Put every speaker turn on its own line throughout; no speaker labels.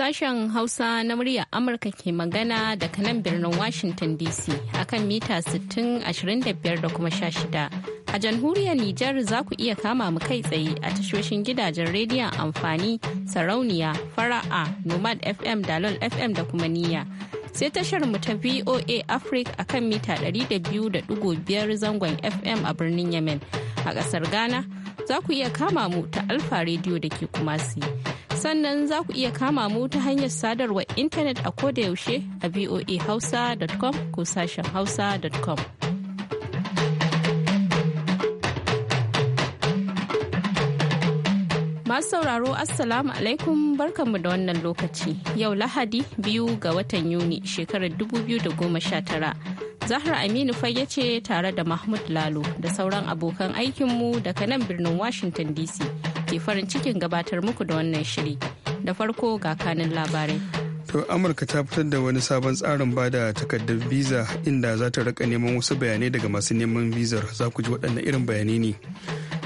Sashen Hausa na muryar Amurka ke magana daga nan birnin Washington DC akan mita 60 da kuma 16. A jamhuriyar Nijar za ku iya kama mu kai tsaye a tashoshin gidajen rediyon amfani sarauniya fara'a Nomad FM Dalol FM da kuma niyya. Sai tashar mu ta VOA Africa akan mita 200.5 zangon FM a birnin Yemen. A ƙasar Ghana za ku iya kama mu ta Alfa rediyo da ke Kumasi. Sannan za ku iya kama mu ta hanyar sadarwar intanet a kodayaushe a voahausa.com ko sashen hausa.com. Masu sauraro Assalamu alaikum barkanmu da wannan lokaci. Yau Lahadi biyu ga watan Yuni shekarar 2019. Zahra Aminu fage ce tare da Mahmud Lalo da sauran abokan aikinmu daga nan birnin Washington DC. ke farin cikin gabatar muku da wannan shiri. Da farko ga kanin labarai.
To Amurka ta fitar da wani sabon tsarin bada takardar visa inda za ta rika neman wasu bayanai daga masu neman bizar za ku ji waɗannan irin bayanai ne.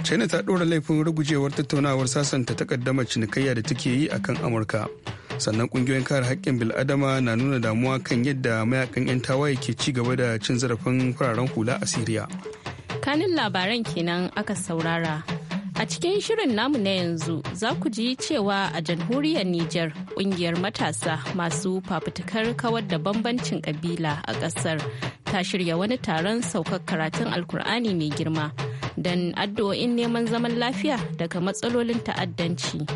China ta ɗora laifin rugujewar tattaunawar sasanta takaddamar cinikayya da take yi a kan Amurka. Sannan ƙungiyoyin kare haƙƙin bil'adama na nuna damuwa kan yadda mayakan 'yan tawaye ke ci gaba da cin zarafin fararen hula a Siriya.
Kanin labaran kenan aka saurara A cikin shirin namu na yanzu za ku ji cewa a jamhuriyar Nijar kungiyar matasa masu fafutukar kawar da bambancin kabila a ƙasar ta shirya wani taron saukar karatun alkur'ani mai girma don addu'o'in neman zaman lafiya daga matsalolin ta'addanci.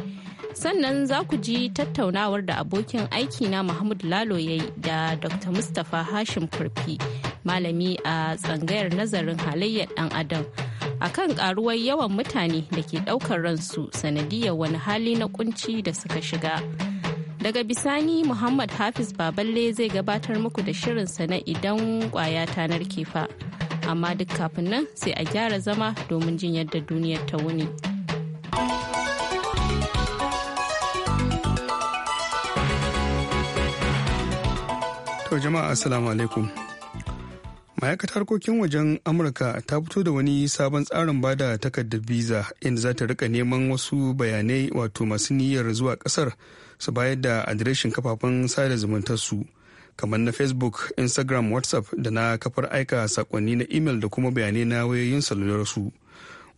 Sannan za ku ji tattaunawar da abokin aiki na Muhammadu Lalo ya da Dr. Mustapha Hashim Kurfi, malami a tsangayar nazarin halayyar ɗan adam. akan karuwar yawan mutane da ke daukar ransu sanadiyar wani hali na kunci da suka shiga daga bisani muhammad hafiz baballe zai gabatar muku da shirinsa na idan kwaya tanar fa amma duk kafin nan sai a gyara zama domin jin yadda duniyar ta wuni
to jama'a assalamu alaikum ma'aikatar harkokin wajen amurka ta fito da wani sabon tsarin bada takardar visa inda za ta rika neman wasu bayanai wato masu niyyar zuwa kasar su bayar da adireshin kafafen sada su kamar na facebook instagram whatsapp da na kafar aika sakonni na imel da kuma bayanai na wayoyin su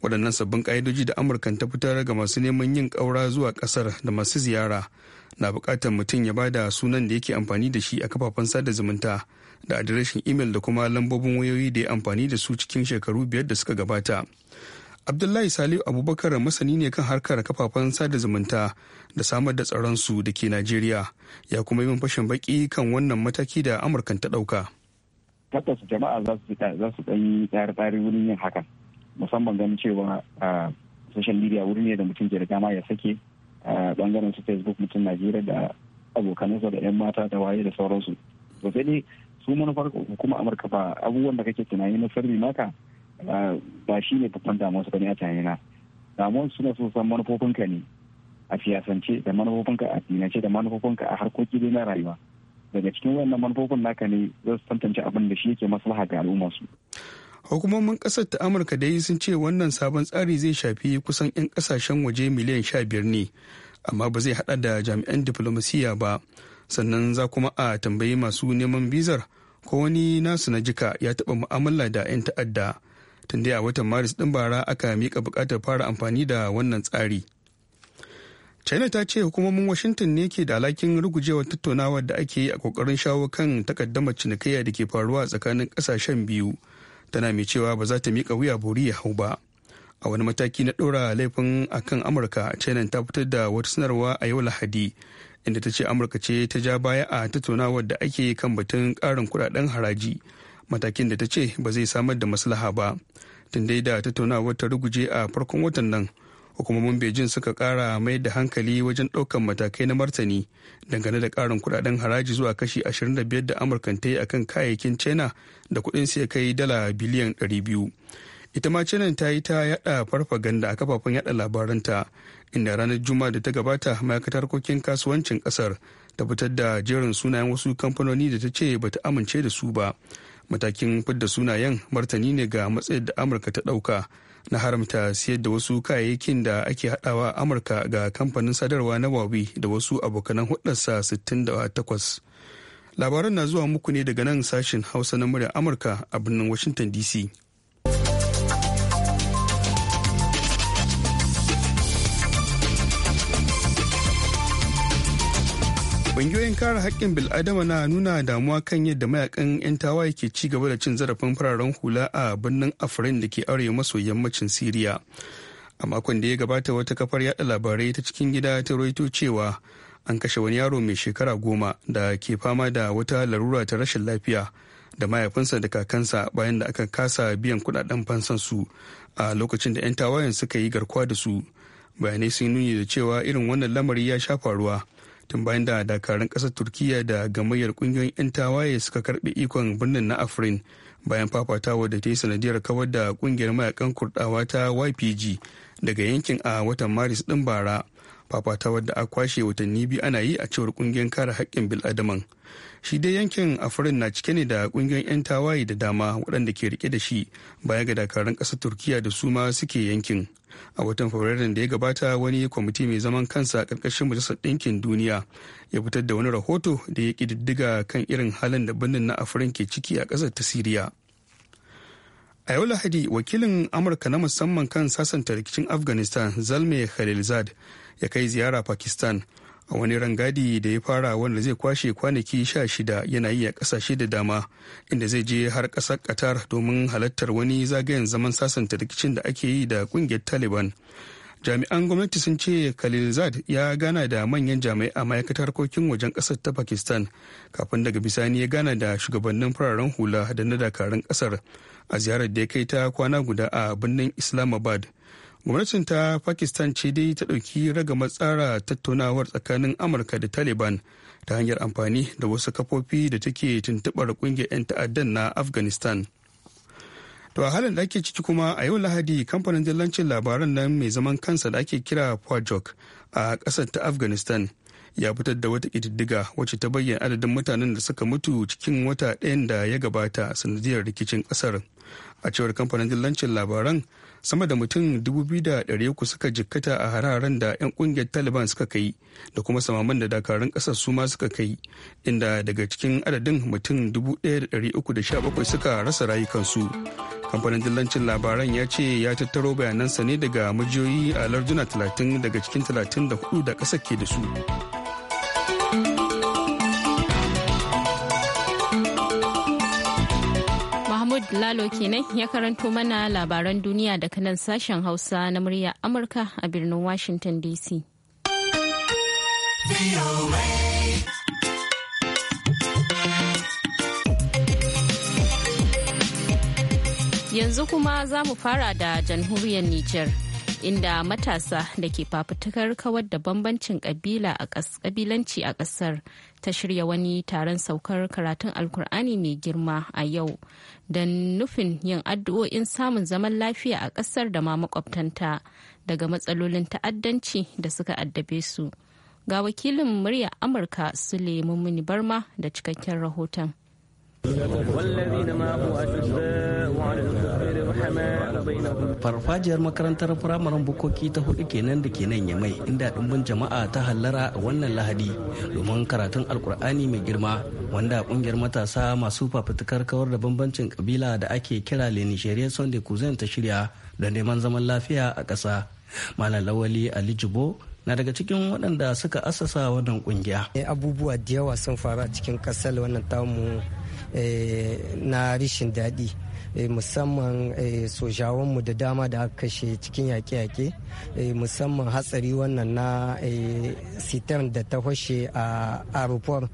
waɗannan sabbin ƙa'idoji da amurka ta fitar ga masu neman yin ƙaura zuwa ƙasar da masu ziyara na buƙatar mutum ya bada sunan da yake amfani da shi a kafafen sada zumunta da adireshin imel da kuma lambobin wayoyi da ya amfani da su cikin shekaru biyar da suka gabata abdullahi saliu abubakar masani ne kan harkar kafafen sada zumunta da samar da tsaron su da ke najeriya ya kuma yi min fashin baki kan wannan mataki da amurkan ta ɗauka.
tabbas jama'a za su ɗan yi tsare-tsare wurin yin hakan musamman ganin cewa social media wuri ne da mutum ke da dama ya sake bangaren su facebook mutum najeriya da abokanansa da 'yan mata da waye da sauransu to sai su manufar kuma amurka ba abubuwan da kake tunani na sarri naka ba shi ne babban damuwar su bane a na damuwar suna so san manufofinka ne a siyasance da manufofinka a dinance da manufofinka a harkoki dai na rayuwa daga cikin wannan manufofin naka ne za su tantance abin da shi yake maslaha ga al'umma su
hukumomin kasar ta amurka dai sun ce wannan sabon tsari zai shafi kusan 'yan kasashen waje miliyan 15 ne amma ba zai hada da jami'an diflomasiyya ba sannan za kuma a tambayi masu neman bizar ko wani nasu na jika ya taɓa mu'amala da 'yan ta'adda tun a watan maris ɗin bara aka miƙa buƙatar fara amfani da wannan tsari china ta ce hukumomin washington ne ke da alhakin rugujewar tattaunawa da ake yi a kokarin shawo kan takaddamar cinikayya da ke faruwa tsakanin ƙasashen biyu tana mai cewa ba za ta miƙa wuya bori ya hau ba a wani mataki na ɗora laifin akan amurka china ta fitar da wata sanarwa a yau lahadi inda ta ce amurka ce ta ja baya a tattaunawar da ake kan batun karin kudaden haraji matakin da ta ce ba zai samar da maslaha ba tun dai da tattaunawar ta ruguje a farkon watan nan hukumomin beijing suka kara mai da hankali wajen ɗaukan matakai na martani dangane da karin kudaden haraji zuwa kashi 25 da amurkan ta yi akan kayayyakin china da kuɗin sai kai dala biliyan 200 ita ma canan ta yi ta yada farfaganda a kafafen yada labaranta inda ranar juma'a da ta gabata ma'aikatar harkokin kasuwancin kasar ta fitar da jerin sunayen wasu kamfanoni da ta ce ba ta amince da su ba matakin fidda sunayen martani ne ga matsayin da amurka ta dauka na haramta siyar da wasu kayayyakin da ake hadawa a amurka ga kamfanin sadarwa na huawei da wasu abokanan hudarsa 68 labaran na zuwa muku ne daga nan sashen hausa na murya amurka a birnin washington dc Ƙungiyoyin kare haƙƙin bil'adama na nuna damuwa kan yadda mayakan 'yan tawaye ke ci gaba da cin zarafin fararen hula a birnin Afrin da ke arewa maso yammacin Siriya. A makon da ya gabata wata kafar yaɗa labarai ta cikin gida ta roito cewa an kashe wani yaro mai shekara goma da ke fama da wata larura ta rashin lafiya da mahaifinsa da kakansa bayan da aka kasa biyan kudaden su a lokacin da 'yan tawayen suka yi garkuwa da su bayanai sun nuni da cewa irin wannan lamari ya sha faruwa tun bayan da dakarun kasar turkiya da gamayyar ƙungiyoyin 'yan tawaye suka karɓi ikon birnin na afrin bayan fafatawa da ta yi sanadiyar kawar da ƙungiyar mayakan kurɗawa ta ypg daga yankin a watan maris ɗin bara fafatawa da a kwashe watanni biyu ana yi a cewar ƙungiyar kare haƙƙin bil'adaman shi dai yankin afrin na cike ne da ƙungiyoyin 'yan tawaye da dama waɗanda ke rike da shi baya ga dakarun ƙasar turkiya da su ma suke yankin a watan fabrairun da ya gabata wani kwamiti mai zaman kansa a ƙarƙashin majalisar ɗinkin duniya ya fitar da wani rahoto da ya ƙididdiga kan irin halin da birnin na afirin ke ciki a ƙasar ta siriya a yau lahadi wakilin amurka na musamman kan sasanta rikicin afghanistan zalme khalilzad ya kai ziyara pakistan a wani rangadi da ya fara wanda zai kwashe kwanaki sha shida yana yi a kasashe da dama inda zai je har ƙasar qatar domin halartar wani zagayen zaman sasanta rikicin da ake yi da ƙungiyar taliban jami'an gwamnati sun ce khalilzad ya gana da manyan jami'ai a ma'aikatar harkokin wajen ƙasar ta pakistan kafin daga bisani ya gana da shugabannin fararen hula da na dakarun ƙasar a ziyarar da ya kai ta kwana guda a birnin islamabad gwamnatin ta pakistan ce dai ta ɗauki raga matsara tattaunawar tsakanin amurka da taliban ta hanyar amfani da wasu kafofi da take tuntuɓar ƙungiyar 'yan ta'addan na afghanistan to a halin da ake ciki kuma a yau lahadi kamfanin dillancin labaran nan mai zaman kansa da ake kira pajok a ƙasar ta afghanistan ya fitar da wata ƙididdiga wacce ta bayyana adadin mutanen da suka mutu cikin wata ɗayan da ya gabata sanadiyar rikicin ƙasar a cewar kamfanin dillancin labaran sama da mutum 2,300 suka jikkata a hararen da 'yan kungiyar taliban suka kai da kuma samaman da dakarun kasar su ma suka kai inda daga cikin adadin mutum 1,317 suka rasa rayukansu kamfanin dillancin labaran ya ce ya tattaro bayanansa ne daga majiyoyi a larduna 30 daga cikin 34 da kasa ke da su
Lalo kenan ya karanto mana labaran duniya daga nan sashen Hausa na murya Amurka a birnin Washington DC. Yanzu kuma za mu fara da jamhuriyar Nijar. inda matasa da ke fafutukar kawar da bambancin kabila a kabilanci a kasar ta shirya wani taron saukar karatun alkur'ani mai girma a yau da nufin yin addu'o'in samun zaman lafiya a ƙasar da ma makwabtanta daga matsalolin ta'addanci da suka addabe su. Ga wakilin murya Amurka Sule Mummuni Barma da cikakken rahoton.
farfajiyar makarantar firamaren bukoki ta hudu kenan da ke nan yamai inda dumbin jama'a ta hallara a wannan lahadi domin karatun alkur'ani mai girma wanda kungiyar matasa masu fafutukar kawar da bambancin kabila da ake kira le nigeria sunday cousin ta shirya don neman zaman lafiya a ƙasa malam lawali ali jibo na daga cikin waɗanda suka asasa wannan kungiya eh,
abubuwa da yawa sun faru a cikin kasar wannan tamu eh, na rishin daɗi Eh, musamman eh, sojawanmu da dama da aka kashe cikin yaƙe-yaƙe eh, musamman hatsari wannan na sitan da ta fashe a aeroport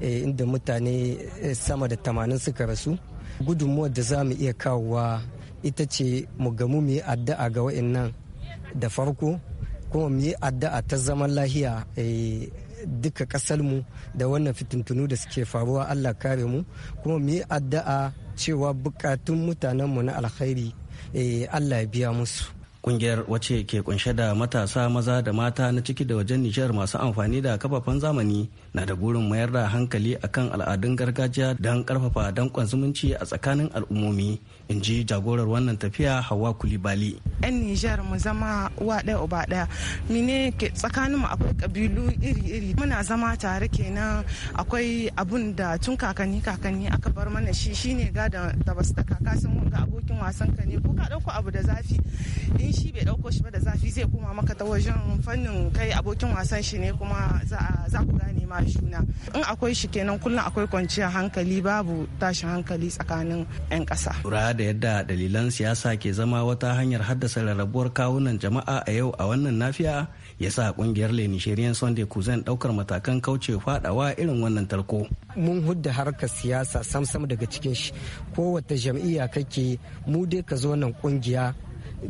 inda mutane sama da tamanin suka rasu gudunmuwar da za mu iya kawowa ita ce mu gamu mu yi addu'a ga nan da farko kuma mu yi addu'a ta zaman lahiya duka ƙasarmu da wannan fitintunu da suke faruwa allah kare mu kuma mu yi addu'a cewa bukatun mutanenmu na alkhairi eh, allah ya biya musu
Kungiyar wace ke kunshe da matasa maza da mata na ciki da wajen Nijar masu amfani da kafafen zamani na da burin mayar da hankali akan al'adun gargajiya don karfafa dankon zumunci a tsakanin al'ummomi, in ji jagorar wannan tafiya Hawa Kulibali. 'Yan Nijar mu zama uwa ɗaya uba ɗaya. Mine ke tsakaninmu akwai kabilu iri-iri. Muna zama tare kenan akwai abun da tun kakanni kakanni aka bar mana shi shine gada da basu kaka sun ga abokin wasan ka ne ko ka ɗauko abu da zafi. Eh, shi bai dauko shi ba da zafi zai koma maka ta wajen fannin kai abokin wasan shi ne kuma za ku gane ma juna in akwai shi kenan kullum akwai kwanciya hankali babu tashin hankali tsakanin 'yan kasa lura da yadda dalilan siyasa ke zama wata hanyar haddasa rarrabuwar kawunan jama'a a yau a wannan nafiya ya sa kungiyar le nigerian sunday kuzan daukar matakan kauce fadawa irin wannan tarko
mun hudda harka siyasa sam sam daga cikin shi kowace jam'iyya kake mu dai ka zo nan kungiya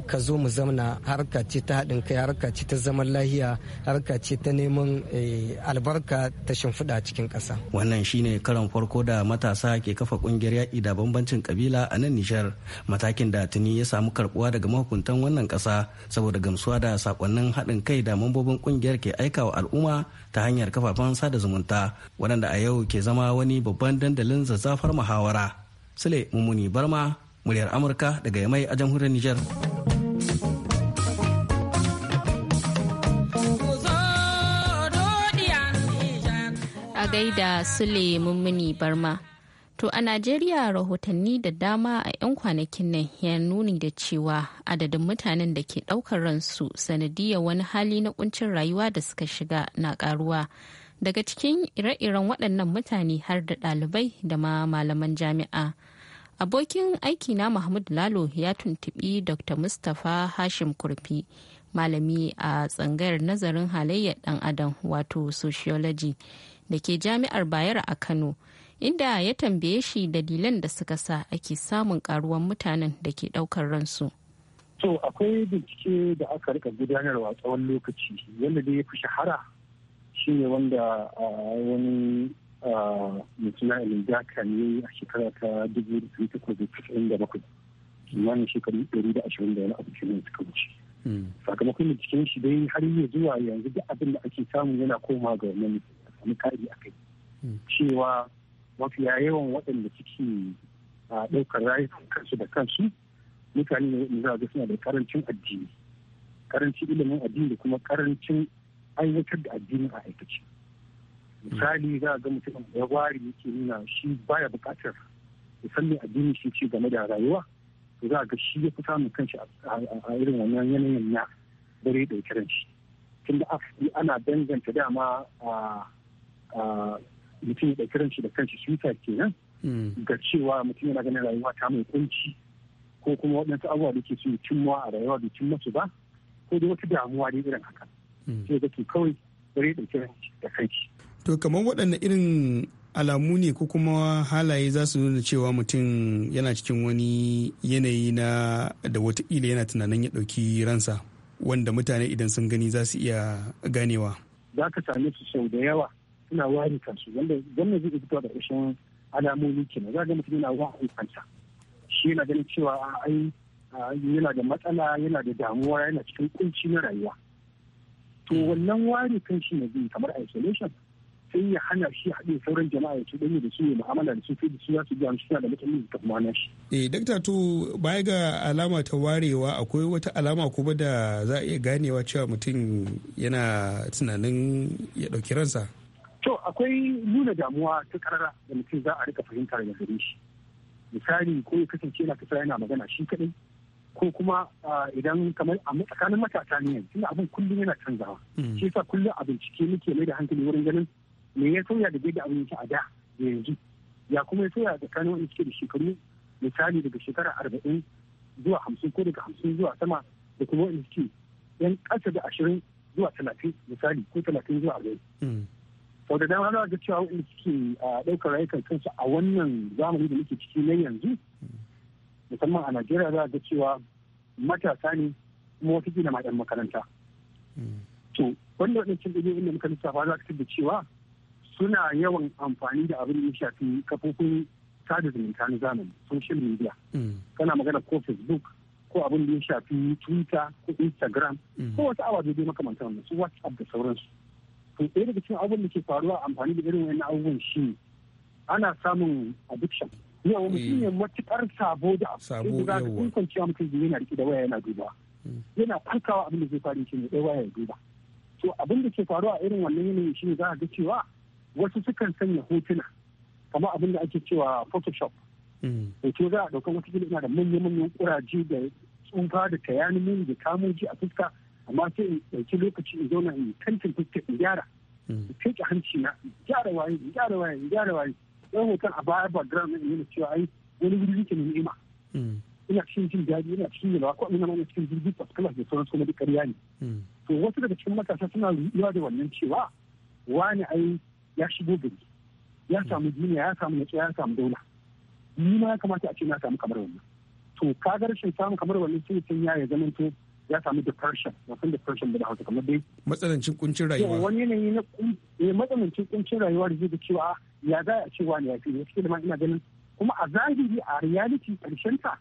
ka zo mu zamna harka ce ta haɗin kai harka ce ta zaman lahiya harka ce ta neman eh, albarka ta shimfiɗa cikin ƙasa.
wannan shine karan farko da matasa ke kafa ƙungiyar yaƙi da bambancin kabila a nan nijar matakin da tuni ya samu karɓuwa daga mahukuntan wannan ƙasa saboda gamsuwa da sakonnin haɗin kai da mambobin ƙungiyar ke aika wa al'umma ta hanyar kafafen sada zumunta waɗanda a yau ke zama wani babban dandalin zazzafar muhawara sule mummuni barma muryar amurka daga yamai a jamhuriyar niger
a gaida sule mummuni barma To a Najeriya rahotanni da dama a 'yan kwanakin nan ya nuni da cewa adadin mutanen da ke daukar ransu sanadiyar wani hali na kuncin rayuwa da suka shiga na karuwa. Daga cikin ire-iren waɗannan mutane har da ɗalibai da ma malaman jami'a. abokin aikina mahmud lalo ya tuntubi dr mustapha hashim kurfi malami a tsangayar nazarin halayyar dan adam wato sociology da ke jami'ar bayero a kano inda ya tambaye shi dalilan da suka sa ake samun karuwan mutanen da ke daukar ransu
to akwai bincike da aka rika gudanarwa tsawon lokaci yadda dai ya fi shahara shine wanda ah, wani mutuna ilinda kane a shekara ta dubu da takwas da casa'in da bakwai kimanin shekaru ɗari da ashirin da wani abu kenan suka wuce hmm. sakamakon da cikin shi dai har yi zuwa yanzu da abin da ake samu yana koma ga wani sami kari a kai hmm. cewa mafiya yawan waɗanda suke ɗaukar rayukan kansu da kansu mutane ne waɗanda za a ga suna da karancin addini karancin ilimin addini da kuma karancin aiwatar da addini a aikace misali za a ga mutum ya wari yake nuna shi baya bukatar musamman addini shi ce game da rayuwa to za a ga shi ya fi samun kanshi a irin wannan yanayin na dare da kiran shi tun da ana danganta dama a mutum ya ɗauki shi da kanshi ke kenan hmm. ga cewa mutum yana ganin rayuwa ta mai kunci ko kuma waɗansu abubuwa da ke so cimmawa a rayuwa da cimma su ba ko da wata damuwa da irin haka hmm. sai ga kawai bare ɗauki shi da kanshi to
kamar waɗanne irin alamu ne ko kuma halaye za su nuna cewa mutum yana cikin wani yanayi na da watakila yana tunanin ya ɗauki ransa wanda mutane idan sun gani za su iya ganewa
za ka same su sau da yawa suna wari kansu wanda gwamnati zai fito da ƙarshen alamomi ke kenan za ga mutum yana wari kansa shi yana ganin cewa ai yana da matsala yana da damuwa yana cikin kunci na rayuwa to wannan wari kan shi ne kamar isolation sai ya hana shi haɗin sauran jama'a ya cuɗanyi da su ya mu'amala da su sai da su za su ji amsa da mutane da kuma shi.
Eh dakta to baya ga alama ta warewa akwai wata alama kuma da za a iya ganewa cewa mutum yana tunanin ya ɗauki ransa.
To akwai nuna damuwa ta karara da mutum za a rika fahimta da gare shi. Misali ko ya kasance yana kasa yana magana shi kaɗai ko kuma idan kamar a tsakanin matasa ne yanzu abin kullum yana canzawa. Hmm. Shi yasa kullum a bincike muke mai da hankali wurin ganin me ya sauya da yadda abin abinci a da da yanzu ya kuma ya sauya tsakanin wanda suke da shekaru misali daga shekara arba'in zuwa hamsin ko daga hamsin zuwa sama da kuma wanda suke yan ƙasa da ashirin zuwa talatin misali ko talatin zuwa arba'in. Mm. sau da dama za ga cewa wanda a ɗaukar rayukan kansu a wannan zamani da muke ciki na yanzu musamman a najeriya za a ga cewa matasa ne kuma wata gina ma makaranta. Mm. to wanda waɗancan ɗaya da muka lissafa za ka da cewa suna yawan amfani da abin da ya shafi kafofin sada zumunta na zamani social media mm. kana magana ko facebook ko abin da ya shafi twitter ko instagram mm. ko wasu ababe dai makamantar wannan su whatsapp da sauransu to ɗaya daga cikin abin da ke faruwa amfani da irin wannan abubuwan shi ana samun addiction yawa mutum ne mm. matuƙar sabo da abu da za ka kwanciya mutum yana riƙe da waya yana duba yana farkawa abin da zai faru shi ne ɗaya waya ya duba to abin da ke faruwa irin wannan yanayin shi ne za ka ga cewa wasu sukan sanya hotuna kamar abin da ake cewa photoshop mm. hoto za a ɗauka wata ina da manya-manyan kuraje da tsufa da mini da kamoji a fuska amma sai in ɗauki lokaci in zauna in kantin fuska in gyara mm. in teke hanci na in gyara waye in gyara waye in gyara waye ɗan hoton a baya background in yana cewa ai wani wuri yake ne ni'ima mm. ina cikin jin daɗi ina cikin yalwa ko ina mana cikin jirgin first da sauransu kuma duk ƙarya ne to wasu daga cikin matasa suna ruɗuwa da wannan cewa wani ai ya shigo gari ya hmm. samu duniya ya samu natsuwa ya samu daula ni ma ya kamata a ce na samu kamar wannan to ka ga rashin samu kamar wannan sai sun ya zama to ya samu depression wasan depression da hausa kamar dai
matsanancin kuncin rayuwa
wani yanayi na eh, matsanancin kuncin rayuwa da zai cewa ah, ya ga a cewa ne ya fi da ma ina ganin kuma a zahiri a reality karshen ta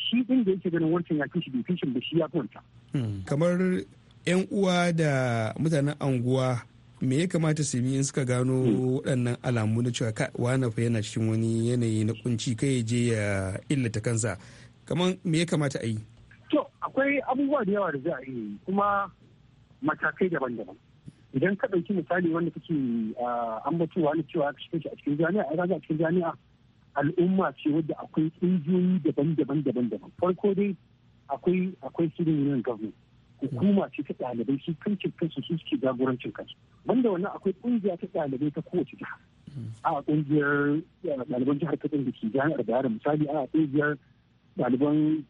shi din da yake ganin wancan ya fi shi bai fi shi ya kwanta hmm. kamar
yan uwa da mutanen anguwa me ya kamata su in suka gano hmm. waɗannan alamu na cewa wani fa yana cikin wani yanayi na kunci kai je ya illata kansa kamar me ya kamata a yi
to akwai abubuwa da yawa da za a yi kuma matakai daban-daban idan ka ɗauki misali wanda kake ambatowa na cewa ka shi a cikin jami'a a a cikin jami'a al'umma ce wadda akwai ƙungiyoyi daban-daban daban-daban farko dai akwai akwai student union government hukuma ce ta ɗalibai su kankin kansu su suke jagorancin kansu banda wannan akwai ƙungiya ta ɗalibai ta kowace jiha a ƙungiyar eh, ɗaliban jihar katsina da ke jami'ar bayar misali a ƙungiyar ɗaliban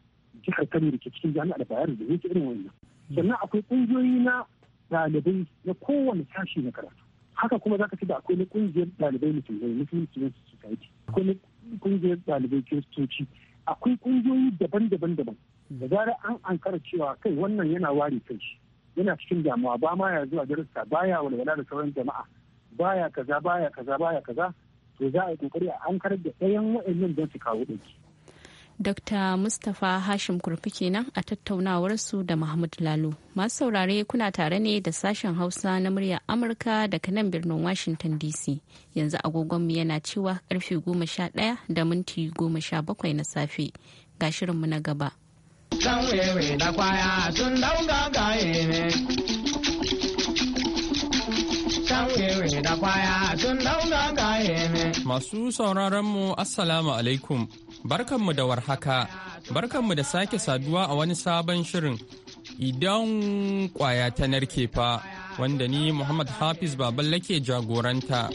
jihar kano da ke cikin jami'ar bayar da yake irin wannan sannan akwai ƙungiyoyi na ɗalibai na kowane sashi na karatu haka kuma za ka ci da akwai na ƙungiyar ɗalibai musulmai musulmai society akwai ƙungiyar ɗalibai kiristoci akwai ƙungiyoyi daban-daban daban da zarar an ankara cewa kai wannan yana ware kai shi yana cikin damuwa ba ma ya zuwa ba baya walwala da sauran jama'a ba ya kaza ba ya kaza ba ya kaza to za a yi kokari a ankarar da ɗayan wa'annan don su kawo ɗauki
Dr. Mustapha Hashim Kurfi kenan a tattaunawarsu da Mahmud Lalo. Masu saurare kuna tare ne da sashen Hausa na muryar Amurka daga nan birnin Washington DC. Yanzu agogonmu yana cewa karfe goma sha ɗaya da minti goma sha bakwai na safe. Ga shirinmu na gaba.
Masu sauraronmu Assalamu alaikum. Barkanmu da warhaka, barkanmu da sake saduwa a wani sabon shirin idan kwaya ta narke fa wanda ni Muhammad Hafiz Baballe ke jagoranta.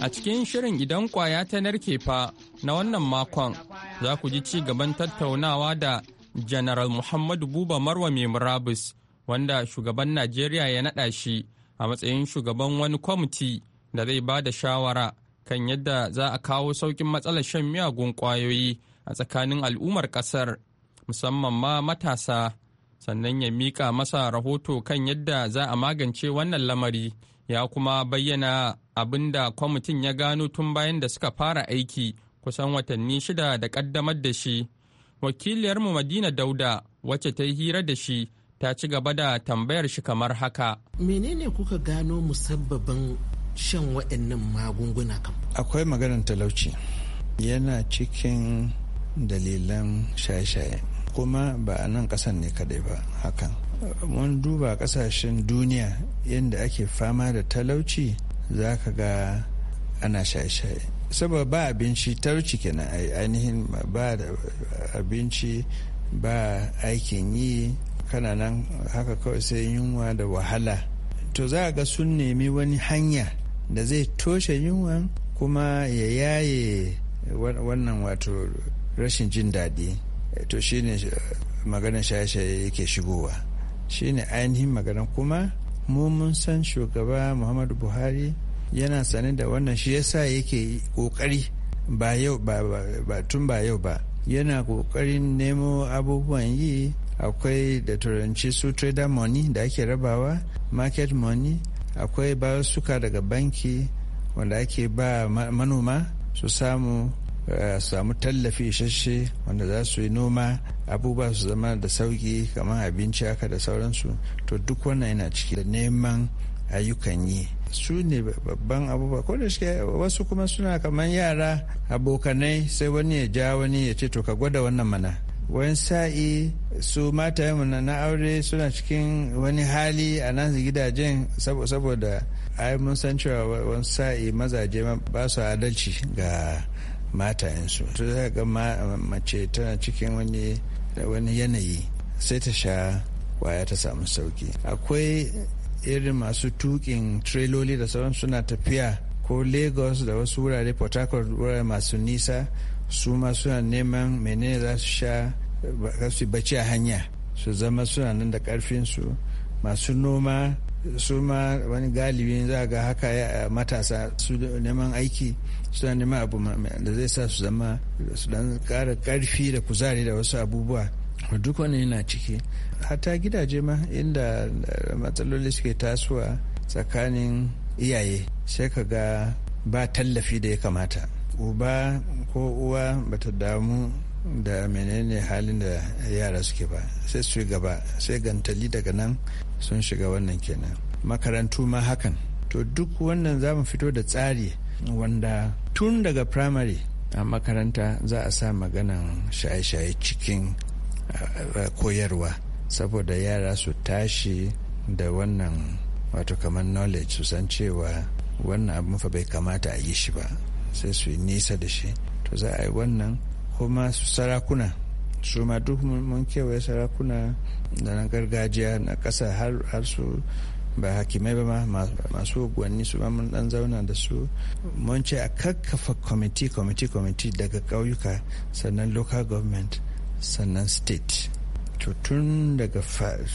A cikin shirin idan kwaya ta narke fa na wannan makon za ku ji ci gaban tattaunawa da General Muhammadu Buba Marwa mai murabus wanda shugaban Najeriya ya naɗa shi a matsayin shugaban wani kwamiti. da zai ba da shawara kan yadda za a kawo sauƙin matsalar shan miyagun ƙwayoyi a tsakanin al'ummar ƙasar musamman ma matasa sannan ya miƙa masa rahoto kan yadda za a magance wannan lamari ya kuma bayyana abin da kwamitin ya gano tun bayan da suka fara aiki kusan watanni shida da ƙaddamar da shi wakiliyarmu madina dauda wacce ta yi hira da shi ta ci gaba da tambayar shi kamar haka
menene kuka gano musabbabin shan waɗannan magunguna kan
akwai maganar talauci yana cikin dalilan shaye-shaye kuma ba a nan ƙasan ne kadai ba hakan mun duba ƙasashen duniya yadda ake fama da talauci za ka ga ana shaye-shaye saboda ba abinci talauci kenan ainihin ba da abinci ba aikin yi kana nan haka kawai sai yunwa da wahala to za ga sun nemi wani hanya da zai toshe yunwan kuma ya yaye wannan wato rashin jin daɗi to shi ne eh, maganar shaye-shaye yake shigowa shi ne ainihin maganar kuma mu mun san shugaba muhammadu buhari yana sane da wannan shi yasa yake kokari ba yau ba tun ba yau ba yana kokarin nemo abubuwan yi akwai da turanci su trader money da ake rabawa market money akwai suka daga banki wanda ake ba manoma su samu eh, samu tallafi isasshe wanda za su yi noma abubuwa su zama da sauki kamar abinci haka da sauransu to duk wannan yana ciki da neman ayyukan yi su ne babban abubuwa ko da shi wasu kuma suna kamar yara abokanai sai wani ya ja wani ya ce to ka gwada wannan mana wani sa'i su yamma na aure suna cikin wani hali a nan gidajen saboda ai mun san cewa wani sa'i mazaje ba su adalci ga matayensu to za ga mace tana cikin wani wani yanayi sai ta sha waya ta samu sauki akwai irin masu tukin treloli da sauran suna tafiya ko lagos da wasu wurare port wurare masu nisa su ma suna neman menene za su sha ba su bacci a hanya su zama suna nan da karfinsu masu noma su ma wani galibi za ga haka ya matasa su neman aiki suna neman abu da zai sa su zama su dan kara karfi da kuzari da wasu abubuwa duk wani yana ciki hata gidaje ma inda eh, matsaloli suke tasowa tsakanin iyaye sai ka ga ba tallafi da ya kamata uba ko uwa ba ta damu da menene halin da yara suke ba sai su gaba sai gantali daga nan sun shiga wannan kenan makarantu ma hakan to duk wannan za mu fito da tsari wanda tun daga primary a makaranta za a sa maganan shaye-shaye cikin koyarwa saboda yara su tashi da wannan wato kamar knowledge su san cewa wannan abin fa bai kamata a yi shi ba sai su yi nisa da shi to za a yi wannan kuma sarakuna su ma duk mun kewaye sarakuna da na gargajiya na ƙasa har su ba hakimai ba masu gwanni su mun dan zauna da su mun ce a kakkafa kwamiti kwamiti kwamiti daga ƙauyuka sannan local government sannan state to tun daga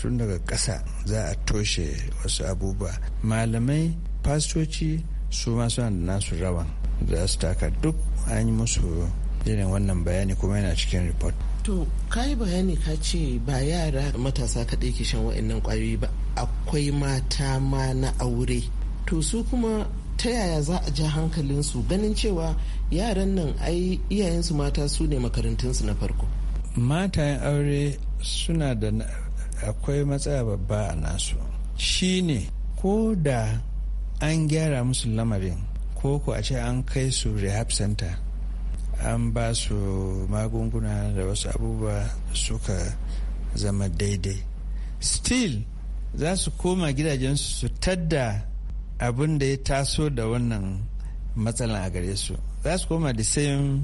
tun daga ƙasa za a toshe wasu abubuwa malamai fastoci su ma suna da nasu rawan za su taka duk an yi musu irin wannan bayani kuma yana cikin report
to ka yi bayani ka ce ba yara matasa kaɗai ke shan wa'annan ƙwayoyi ba akwai mata ma na aure to su kuma ta yaya za a ja hankalinsu ganin cewa yaran nan ai iyayensu mata su ne makarantunsu na farko
mata aure suna da akwai matsaya babba a nasu shi ne ko da an gyara musu lamarin ko a ce an kai su rehab center an ba su magunguna da wasu abubuwa suka zama daidai still za su koma gidajensu su tadda abin da ya taso da wannan matsalan a gare su za su koma da same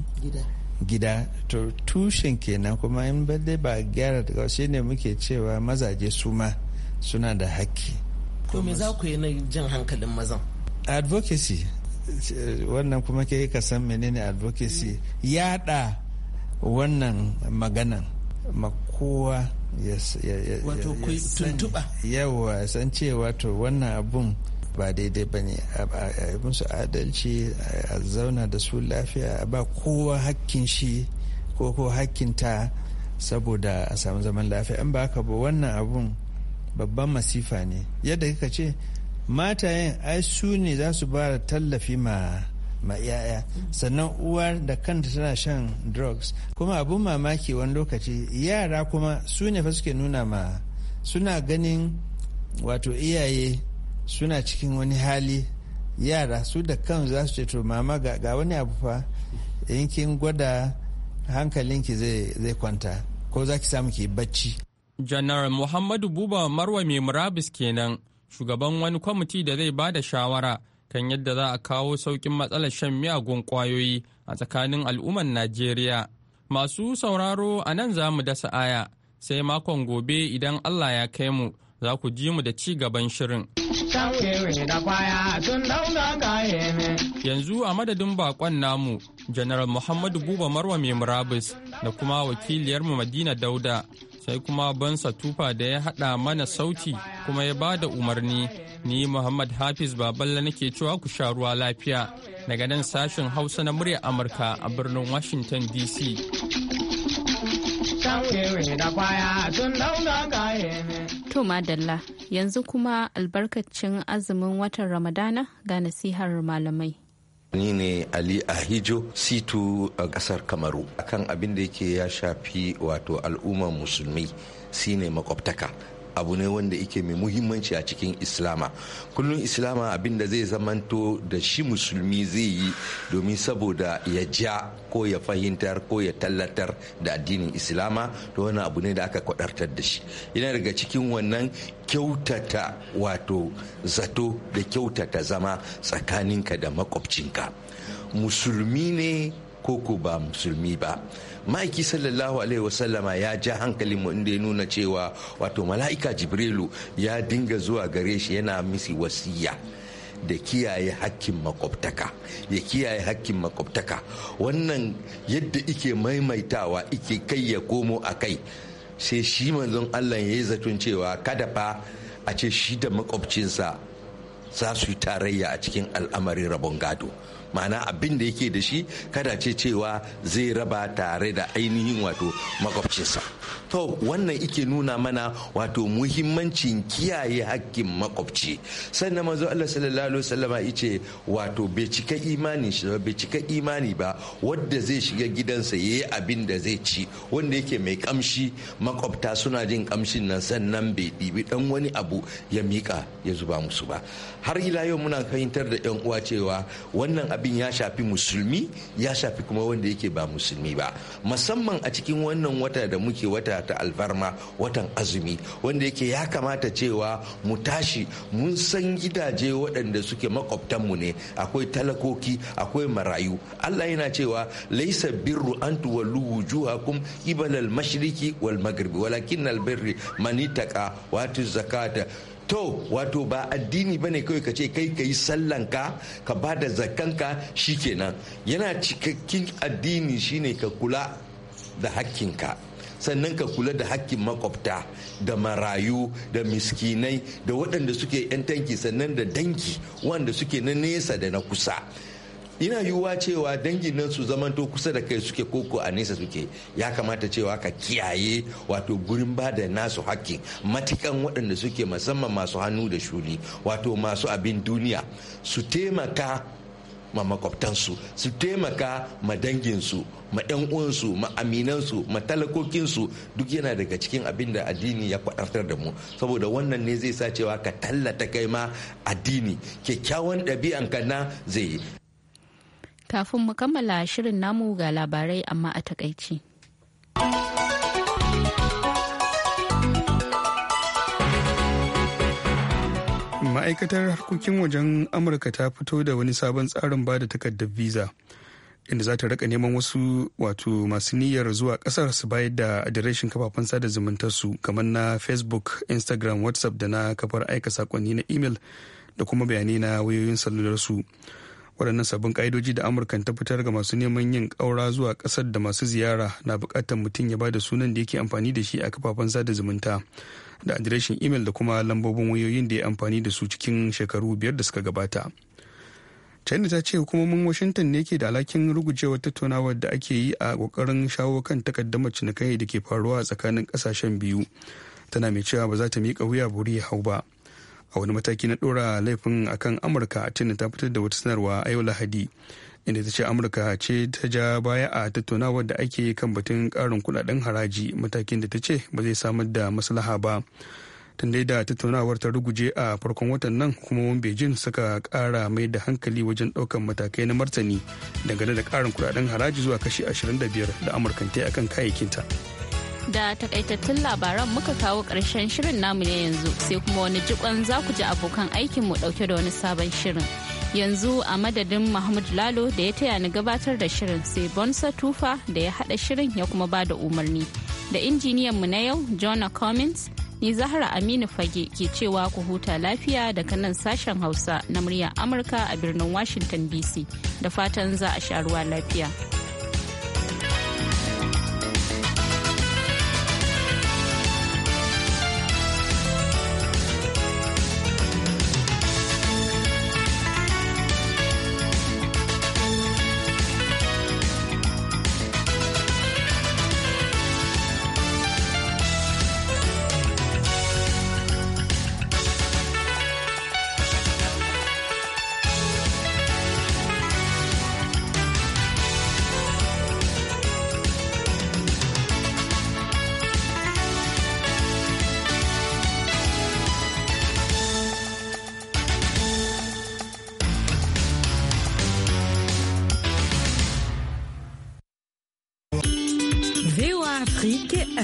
gida to tushen kenan kuma in ba dai ba gyara daga shi ne muke cewa mazaje su ma suna da haƙƙi.
to me za ku yi na jan hankalin mazan
advocacy wannan kuma ke ka san menene advocacy yada wannan maganan makowa yawa san cewa wato wannan abun ba daidai ba ne a musu adalci a zauna da su lafiya ba kowa hakkin shi ko ko ta saboda a samu zaman lafiya in ba haka ba wannan abun babban masifa ne yadda kika ce matayen ai su ne za su ba da tallafi ma ma yaya sannan uwar da kanta tana shan drugs kuma abun mamaki wani lokaci yara kuma su ne fa suke nuna ma suna ganin wato iyaye suna cikin wani hali yara su da kan za su ce to mama ga, wani abu fa in kin gwada hankalinki zai kwanta ko za ki samu ki bacci
janar muhammadu buba marwa mai murabis kenan shugaban wani kwamiti da zai ba da shawara kan yadda za a kawo saukin matsalar shan miyagun ƙwayoyi a tsakanin al'umman Najeriya. Masu sauraro a nan za mu dasa aya, sai makon gobe idan Allah ya kai mu za ku ji mu da ci gaban shirin. Yanzu a madadin bakon namu, General Muhammadu Buba Marwa mai murabus da kuma wakiliyarmu Madina Dauda sai kuma bansa tufa da ya haɗa mana sauti kuma ya ba da umarni ni muhammad hafiz baballa nake cewa ku sha ruwa lafiya daga nan sashen hausa na murya amurka a birnin washington dc
To madalla yanzu kuma albarkacin azumin watan ramadana ga nasihar malamai.
ni ne ali ahijo situ a kasar kamaru akan abin da yake ya shafi wato al'umma musulmi shine makwabtaka abu ne wanda yake mai muhimmanci a cikin islama kullum islama abin da zai zamanto da shi musulmi zai yi domin saboda ya ja ko ya fahimtar ko ya tallatar da addinin islama to wani abu ne da aka kwadartar da shi yana daga cikin wannan kyautata wato zato da kyautata zama tsakaninka da makwabcinka musulmi ne koko ba musulmi ba ma'aiki sallallahu alaihi wasallama ya ja hankalin mu inda ya nuna cewa wato mala'ika jibrilu ya dinga zuwa gare shi yana misi wasiya da kiyaye hakkin makwabtaka ya kiyaye hakkin makwabtaka wannan yadda ike maimaitawa ike kai ya komo a kai sai shi manzon allah ya yi zaton cewa kada fa a ce shi da makwabcinsa za su yi tarayya a cikin al'amarin rabon gado ma'ana abin da yake da shi kada ce cewa zai raba tare da ainihin wato makwabcinsa to wannan ike nuna mana wato muhimmancin kiyaye hakkin makwabci sannan mazo Allah sallallahu alaihi wasallama wato bai cika imani shi bai cika imani ba wanda zai shiga gidansa yayi abin da zai ci wanda yake mai kamshi makwabta suna jin kamshin nan sannan bai ɗibi dan wani abu ya mika ya zuba musu ba har ila yau muna fahimtar da yan uwa cewa wannan abin ya shafi musulmi ya shafi kuma wanda yake ba musulmi ba musamman a cikin wannan wata da muke wata ta alfarma watan azumi wanda yake ya kamata cewa mu tashi mun san gidaje waɗanda suke makwabtanmu ne akwai talakoki akwai marayu allah yana cewa laisa birru an tuwallu wujuhakum ibalal mashriki wal magribi walakin albirri taƙa wato zakata to wato ba addini ba ne kawai ka ce kai ka yi sallanka ka ba da zakanka shikenan yana cikakkin addini shine ka kula da hakkinka sannan ka kula da hakkin makwabta da marayu da miskinai da waɗanda suke 'yan tanki sannan da dangi wanda suke na nesa da na kusa ina yiwuwa cewa dangi nan su zamanto kusa da kai suke koko a nesa suke ya kamata cewa ka kiyaye wato gurin ba da nasu hakkin matukan waɗanda suke musamman masu hannu da shuni wato masu abin duniya su taimaka ma makwabtansu su taimaka ma danginsu ma yan uwansu ma aminansu ma talakokinsu duk yana daga cikin abin da addini ya kwadartar da mu saboda wannan ne zai sa cewa ka tallata kai ma addini kyakkyawan ɗabi'an ka na zai yi
kafin mu kammala shirin namu ga labarai amma a takaici.
ma'aikatar harkokin wajen amurka ta fito da wani sabon tsarin ba da takardar visa inda za ta rika neman wasu wato masu niyyar zuwa kasar su bayar da adireshin kafafen sada su kamar na facebook instagram whatsapp da na kafar aika sakonni na email da kuma bayanai na wayoyin su waɗannan sabbin ƙa'idoji da amurka ta fitar ga masu neman yin ƙaura zuwa ƙasar da masu ziyara na buƙatar mutum ya bada sunan da yake amfani da shi a kafafen sada zumunta da adireshin imel da kuma lambobin wayoyin da ya amfani da su cikin shekaru biyar da suka gabata china ta ce hukumomin washington ne ke da alhakin rugujewar tattaunawa da ake yi a kokarin shawo kan takaddamar cinikayya da ke faruwa tsakanin kasashen biyu tana mai cewa ba za ta miƙa wuya buri hau ba a wani mataki na ɗora laifin akan amurka china ta fitar da wata sanarwa a yau lahadi inda ta ce amurka ce ta ja baya a tattaunawar da ake kan batun karin kudaden haraji matakin da ta ce ba zai samar da maslaha ba tunda da tattaunawar ta ruguje a farkon watan nan kuma wani beijing suka kara mai da hankali wajen daukan matakai na martani dangane da karin kudaden haraji zuwa kashi 25 da amurkan ta akan kayayyakinta
da takaitattun labaran muka kawo karshen shirin namu ne yanzu sai kuma wani jikon za ku ji abokan aikinmu dauke da wani sabon shirin yanzu a madadin mahmud lalo da ya taya ni gabatar da shirin sai bonsa tufa da ya hada shirin ya kuma ba da umarni da injiniyan mu na yau jonah cummins ni zahra aminu fage ke cewa ku huta lafiya daga nan sashen hausa na muryar amurka a birnin washington dc da fatan za a sha ruwa lafiya.